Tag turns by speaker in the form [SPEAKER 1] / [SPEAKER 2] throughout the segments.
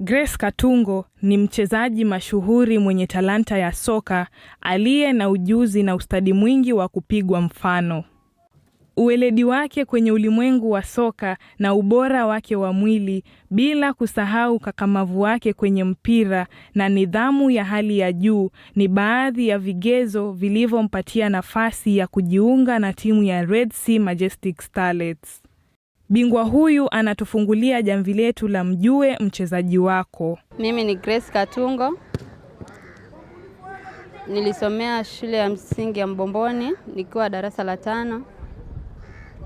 [SPEAKER 1] Grace Katungo ni mchezaji mashuhuri mwenye talanta ya soka aliye na ujuzi na ustadi mwingi wa kupigwa mfano ueledi wake kwenye ulimwengu wa soka na ubora wake wa mwili, bila kusahau kakamavu wake kwenye mpira na nidhamu ya hali ya juu, ni baadhi ya vigezo vilivyompatia nafasi ya kujiunga na timu ya Red Sea Majestic Starlets. Bingwa huyu anatufungulia jamvi letu la mjue mchezaji wako.
[SPEAKER 2] Mimi ni Grace Katungo. Nilisomea shule ya msingi ya Mbomboni nikiwa darasa la tano.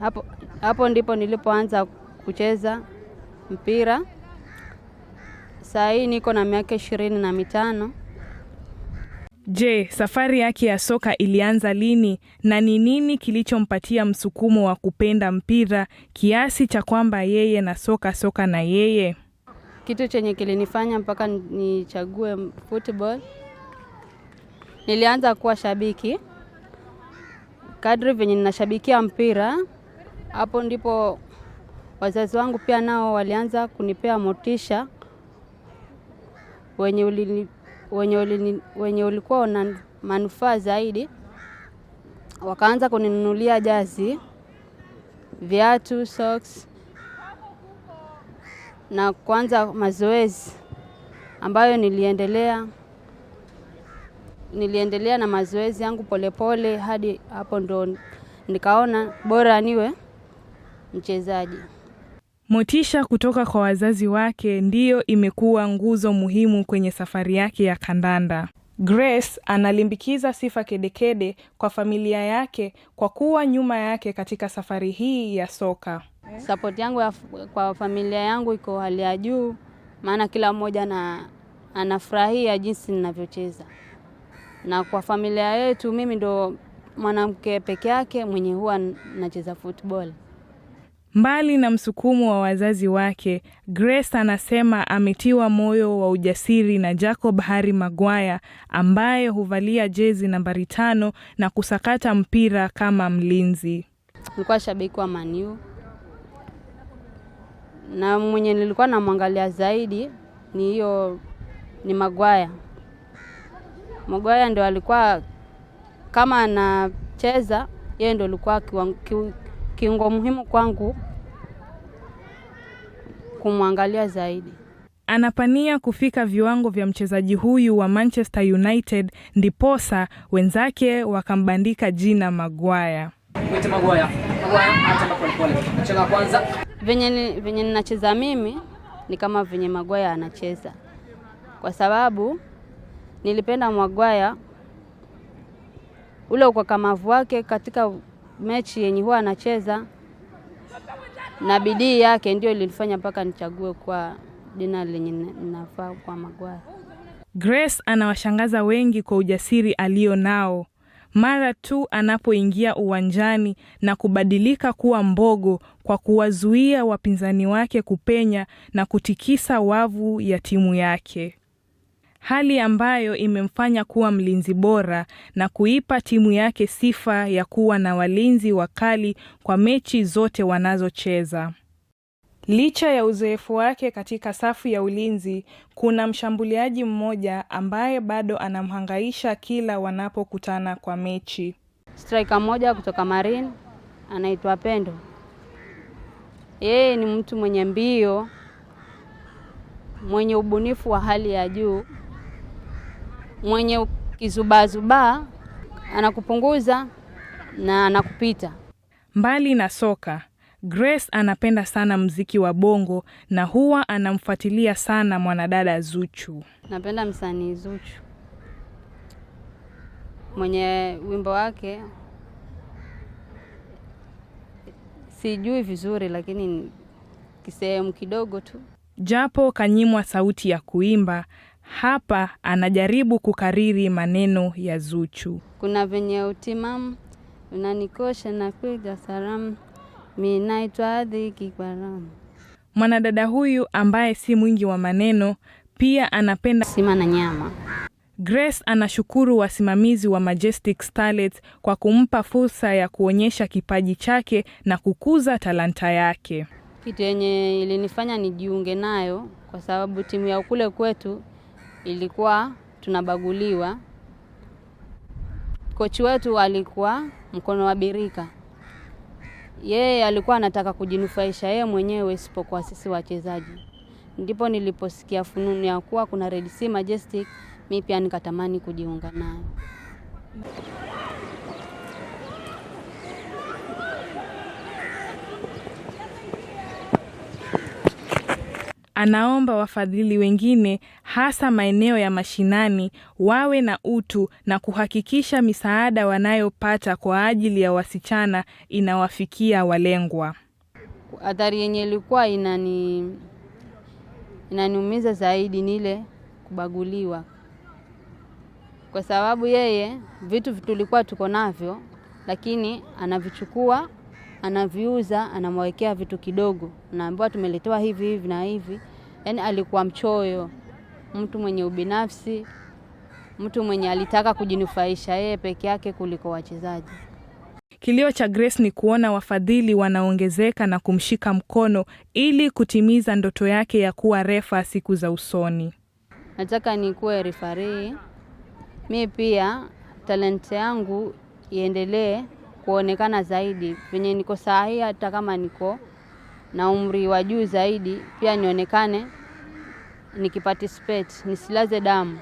[SPEAKER 2] Hapo, hapo ndipo nilipoanza kucheza mpira. Saa hii niko na miaka ishirini na mitano.
[SPEAKER 1] Je, safari yake ya soka ilianza lini na ni nini kilichompatia msukumo wa kupenda mpira kiasi cha kwamba yeye na soka soka na yeye?
[SPEAKER 2] Kitu chenye kilinifanya mpaka nichague football, nilianza kuwa shabiki kadri venye ninashabikia mpira hapo ndipo wazazi wangu pia nao walianza kunipea motisha wenye, ulini, wenye, ulini, wenye ulikuwa na manufaa zaidi. Wakaanza kuninunulia jazi, viatu, socks na kuanza mazoezi ambayo niliendelea niliendelea na mazoezi yangu polepole pole, hadi hapo ndo nikaona bora niwe mchezaji.
[SPEAKER 1] Motisha kutoka kwa wazazi wake ndiyo imekuwa nguzo muhimu kwenye safari yake ya kandanda. Grace analimbikiza sifa kedekede kwa familia yake kwa kuwa nyuma yake katika safari hii ya soka.
[SPEAKER 2] Sapoti yangu ya kwa familia yangu iko hali ya juu, maana kila mmoja na anafurahia jinsi ninavyocheza, na kwa familia yetu mimi ndo mwanamke peke yake mwenye huwa nacheza football.
[SPEAKER 1] Mbali na msukumo wa wazazi wake, Grace anasema ametiwa moyo wa ujasiri na Jacob hari magwaya ambaye huvalia jezi nambari tano na kusakata mpira kama mlinzi.
[SPEAKER 2] Nilikuwa shabiki wa Maniu na mwenye nilikuwa namwangalia zaidi ni hiyo ni magwaya magwaya ndio alikuwa kama anacheza, yeye ndio alikuwa kiwango kiungo muhimu kwangu kumwangalia zaidi.
[SPEAKER 1] Anapania kufika viwango vya mchezaji huyu wa Manchester United, ndiposa wenzake wakambandika jina Maguire.
[SPEAKER 2] Venye venye ninacheza mimi ni kama venye Maguire anacheza, kwa sababu nilipenda Maguire ule ukakamavu wake katika mechi yenye huwa anacheza na bidii yake ndio ilinifanya mpaka nichague kwa jina lenye ninafaa kwa Magware.
[SPEAKER 1] Grace anawashangaza wengi kwa ujasiri alio nao mara tu anapoingia uwanjani na kubadilika kuwa mbogo kwa kuwazuia wapinzani wake kupenya na kutikisa wavu ya timu yake hali ambayo imemfanya kuwa mlinzi bora na kuipa timu yake sifa ya kuwa na walinzi wakali kwa mechi zote wanazocheza. Licha ya uzoefu wake katika safu ya ulinzi, kuna mshambuliaji mmoja ambaye bado anamhangaisha kila wanapokutana kwa mechi.
[SPEAKER 2] Striker mmoja kutoka Marine anaitwa Pendo. Yeye ni mtu mwenye mbio, mwenye ubunifu wa hali ya juu mwenye kizubaazubaa anakupunguza na anakupita.
[SPEAKER 1] Mbali na soka, Grace anapenda sana mziki wa bongo na huwa anamfuatilia sana mwanadada Zuchu.
[SPEAKER 2] Napenda msanii Zuchu mwenye wimbo wake sijui vizuri, lakini kisehemu kidogo tu,
[SPEAKER 1] japo kanyimwa sauti ya kuimba hapa anajaribu kukariri maneno ya Zuchu.
[SPEAKER 2] Kuna venye utimamu unanikosha na kuiga salamu, mi naitwa Adhiki Kikbaramu.
[SPEAKER 1] Mwanadada huyu ambaye si mwingi wa maneno pia anapenda
[SPEAKER 2] sima na nyama.
[SPEAKER 1] Grace anashukuru wasimamizi wa Majestic Starlet kwa kumpa fursa ya kuonyesha kipaji chake na kukuza talanta yake.
[SPEAKER 2] Kitu yenye ilinifanya nijiunge nayo kwa sababu timu ya ukule kwetu ilikuwa tunabaguliwa. Kochi wetu alikuwa mkono wa birika, yeye alikuwa anataka kujinufaisha yeye mwenyewe isipokuwa sisi wachezaji. Ndipo niliposikia fununu ya kuwa kuna Red Sea Majestic, mi pia nikatamani kujiunga nayo.
[SPEAKER 1] Anaomba wafadhili wengine, hasa maeneo ya mashinani, wawe na utu na kuhakikisha misaada wanayopata kwa ajili ya wasichana inawafikia walengwa.
[SPEAKER 2] Athari yenye ilikuwa inani inaniumiza zaidi nile kubaguliwa, kwa sababu yeye vitu tulikuwa tuko navyo, lakini anavichukua anaviuza, anamwekea vitu kidogo, naambiwa tumeletewa hivi hivi na hivi. yani alikuwa mchoyo, mtu mwenye ubinafsi, mtu mwenye alitaka kujinufaisha yeye peke yake kuliko wachezaji.
[SPEAKER 1] Kilio cha Grace ni kuona wafadhili wanaongezeka na kumshika mkono ili kutimiza ndoto yake ya kuwa refa siku za usoni.
[SPEAKER 2] Nataka nikuwe refarii, mi pia talenti yangu iendelee kuonekana zaidi penye niko saa hii, hata kama niko na umri wa juu zaidi, pia nionekane nikiparticipate, nisilaze damu.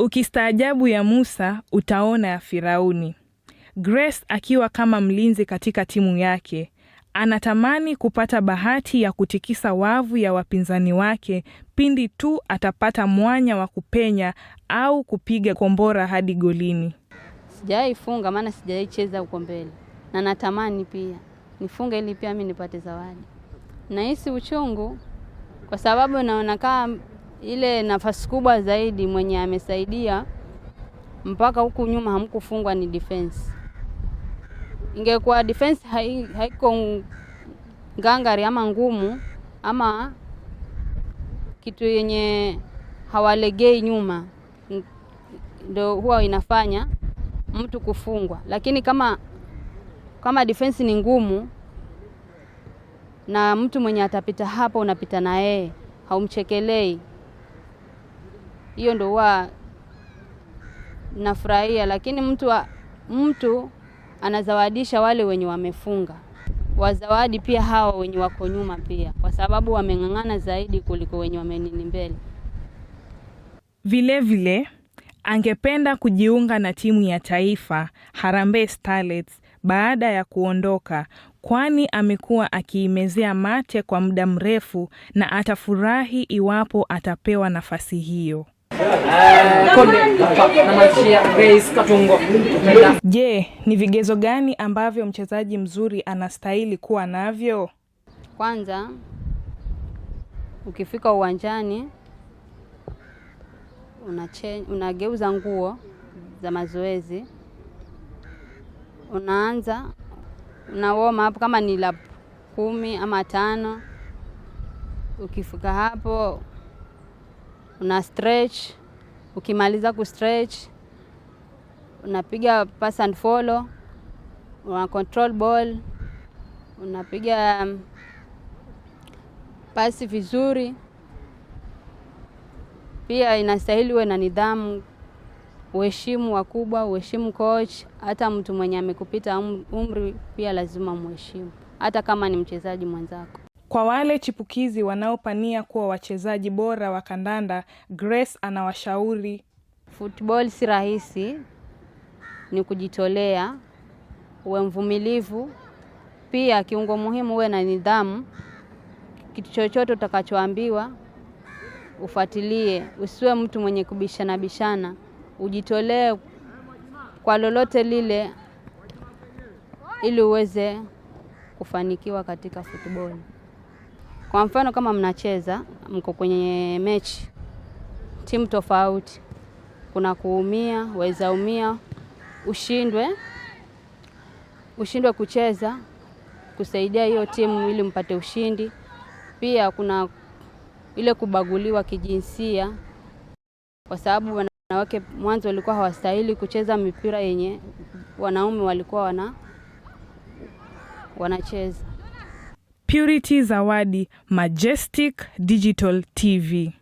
[SPEAKER 1] Ukistaajabu ya Musa utaona ya Firauni. Grace akiwa kama mlinzi katika timu yake anatamani kupata bahati ya kutikisa wavu ya wapinzani wake pindi tu atapata mwanya wa kupenya au kupiga kombora hadi golini.
[SPEAKER 2] Sijawai funga maana sijawai cheza huko mbele, na natamani pia nifunge ili pia mimi nipate zawadi. Nahisi uchungu kwa sababu naona kama ile nafasi kubwa zaidi mwenye amesaidia mpaka huku nyuma hamkufungwa ni defense. Ingekuwa defense haiko ngangari ama ngumu ama kitu yenye hawalegei nyuma, ndio huwa inafanya mtu kufungwa, lakini kama kama defense ni ngumu na mtu mwenye atapita hapo, unapita na yeye, haumchekelei, hiyo ndo huwa nafurahia. Lakini mtu wa, mtu anazawadisha wale wenye wamefunga, wazawadi pia hawa wenye wako nyuma pia, kwa sababu wameng'ang'ana zaidi kuliko wenye wamenini mbele
[SPEAKER 1] vilevile angependa kujiunga na timu ya taifa Harambee Starlets baada ya kuondoka kwani amekuwa akiimezea mate kwa muda mrefu na atafurahi iwapo atapewa nafasi hiyo. Je, ni vigezo gani ambavyo mchezaji mzuri anastahili kuwa navyo?
[SPEAKER 2] Kwanza ukifika uwanjani unageuza nguo za mazoezi, unaanza una warm up kama ni lap kumi ama tano. Ukifika hapo una stretch, ukimaliza ku stretch unapiga pass and follow, una control ball, unapiga um, pasi vizuri. Pia inastahili uwe na nidhamu, uheshimu wakubwa, uheshimu coach. Hata mtu mwenye amekupita um, umri pia lazima muheshimu, hata kama ni mchezaji mwenzako.
[SPEAKER 1] Kwa wale chipukizi wanaopania kuwa wachezaji bora wa kandanda, Grace anawashauri
[SPEAKER 2] football si rahisi, ni kujitolea, uwe mvumilivu. Pia kiungo muhimu, uwe na nidhamu, kitu chochote utakachoambiwa ufuatilie, usiwe mtu mwenye kubishana bishana, ujitolee kwa lolote lile ili uweze kufanikiwa katika futiboli. Kwa mfano kama mnacheza mko kwenye mechi timu tofauti, kuna kuumia, waweza umia, ushindwe ushindwe kucheza kusaidia hiyo timu ili mpate ushindi. Pia kuna ile kubaguliwa kijinsia, kwa sababu wanawake mwanzo walikuwa hawastahili kucheza mipira yenye wanaume walikuwa wana wanacheza.
[SPEAKER 1] Purity Zawadi, Majestic Digital TV.